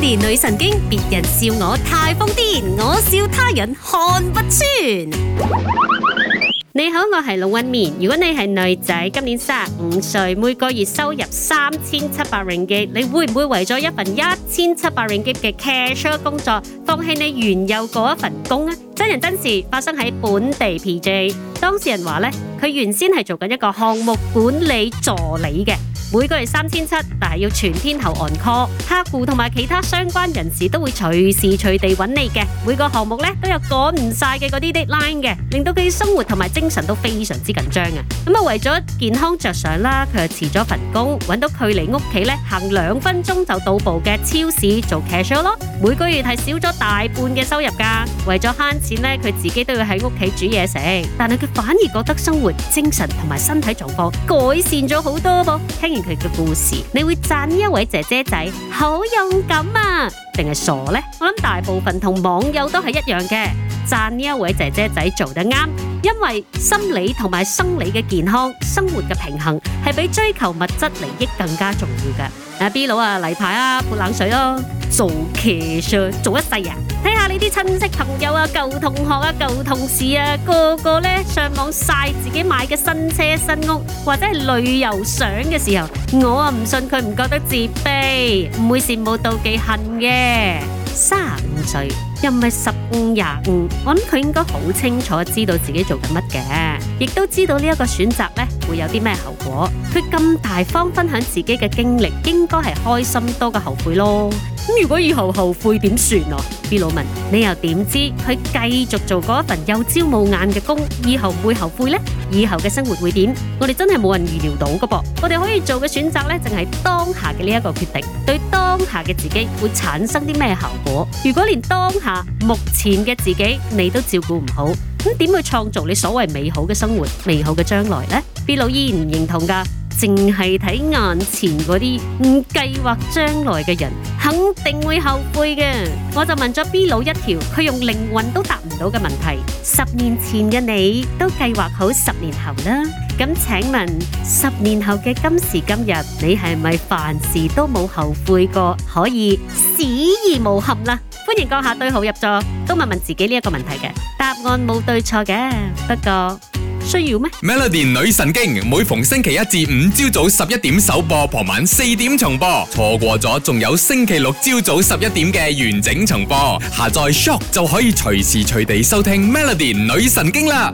年女神經，別人笑我太瘋癲，我笑他人看不穿。你好，我係龍紋敏。如果你係女仔，今年三十五歲，每個月收入三千七百 ringgit 你會唔會為咗一份一千七百 ringgit 嘅 cash 工作，放棄你原有嗰一份工咧？真人真事發生喺本地 PJ，當事人話呢佢原先係做緊一個項目管理助理嘅。每個月三千七，但係要全天候 on call，客戶同埋其他相關人士都會隨時隨地揾你嘅。每個項目咧都有趕唔晒嘅嗰啲 deadline 嘅，令到佢生活同埋精神都非常之緊張啊！咁啊，為咗健康着想啦，佢又辭咗份工，揾到距離屋企咧行兩分鐘就到步嘅超市做 cashier 咯。每個月係少咗大半嘅收入噶，為咗慳錢咧，佢自己都要喺屋企煮嘢食。但係佢反而覺得生活、精神同埋身體狀況改善咗好多噃。聽完。佢嘅故事，你會讚呢位姐姐仔好勇敢啊，定係傻呢？我諗大部分同網友都係一樣嘅，讚呢位姐姐仔做得啱。因為心理同埋生理嘅健康、生活嘅平衡，係比追求物質利益更加重要嘅。阿 B 佬啊，例牌啊，潑冷水咯，啊，做 cashier 做一世啊！睇下你啲親戚朋友啊、舊同學啊、舊同事啊，個個咧上網晒自己買嘅新車、新屋或者係旅遊相嘅時候，我啊唔信佢唔覺得自卑，唔會羨慕到、妒忌、恨嘅，卅五歲。又唔係十五廿五，我諗佢應該好清楚知道自己做緊乜嘅，亦都知道呢一個選擇咧會有啲咩後果。佢咁大方分享自己嘅經歷，應該係開心多過後悔咯。咁如果以後後悔點算啊？B 佬問，你又點知佢繼續做嗰一份有朝冇眼嘅工，以後唔會後悔咧？以後嘅生活會點？我哋真係冇人預料到噶噃。我哋可以做嘅選擇咧，淨係當下嘅呢一個決定，對當下嘅自己會產生啲咩後果？如果連當下，目前嘅自己你都照顧唔好，咁點去創造你所謂美好嘅生活、美好嘅將來呢？B 佬依然唔認同噶，淨係睇眼前嗰啲唔計劃將來嘅人，肯定會後悔嘅。我就問咗 B 佬一條，佢用靈魂都答唔到嘅問題。十年前嘅你都計劃好十年後啦，咁請問十年後嘅今時今日，你係咪凡事都冇後悔過，可以死而無憾啦？歡迎閣下對號入座，都問問自己呢一個問題。嘅答案冇對錯嘅，不過需要咩？Melody 女神經每逢星期一至五朝早十一點首播，傍晚四點重播，錯過咗仲有星期六朝早十一點嘅完整重播，下載 shop 就可以隨時隨地收聽 Melody 女神經啦。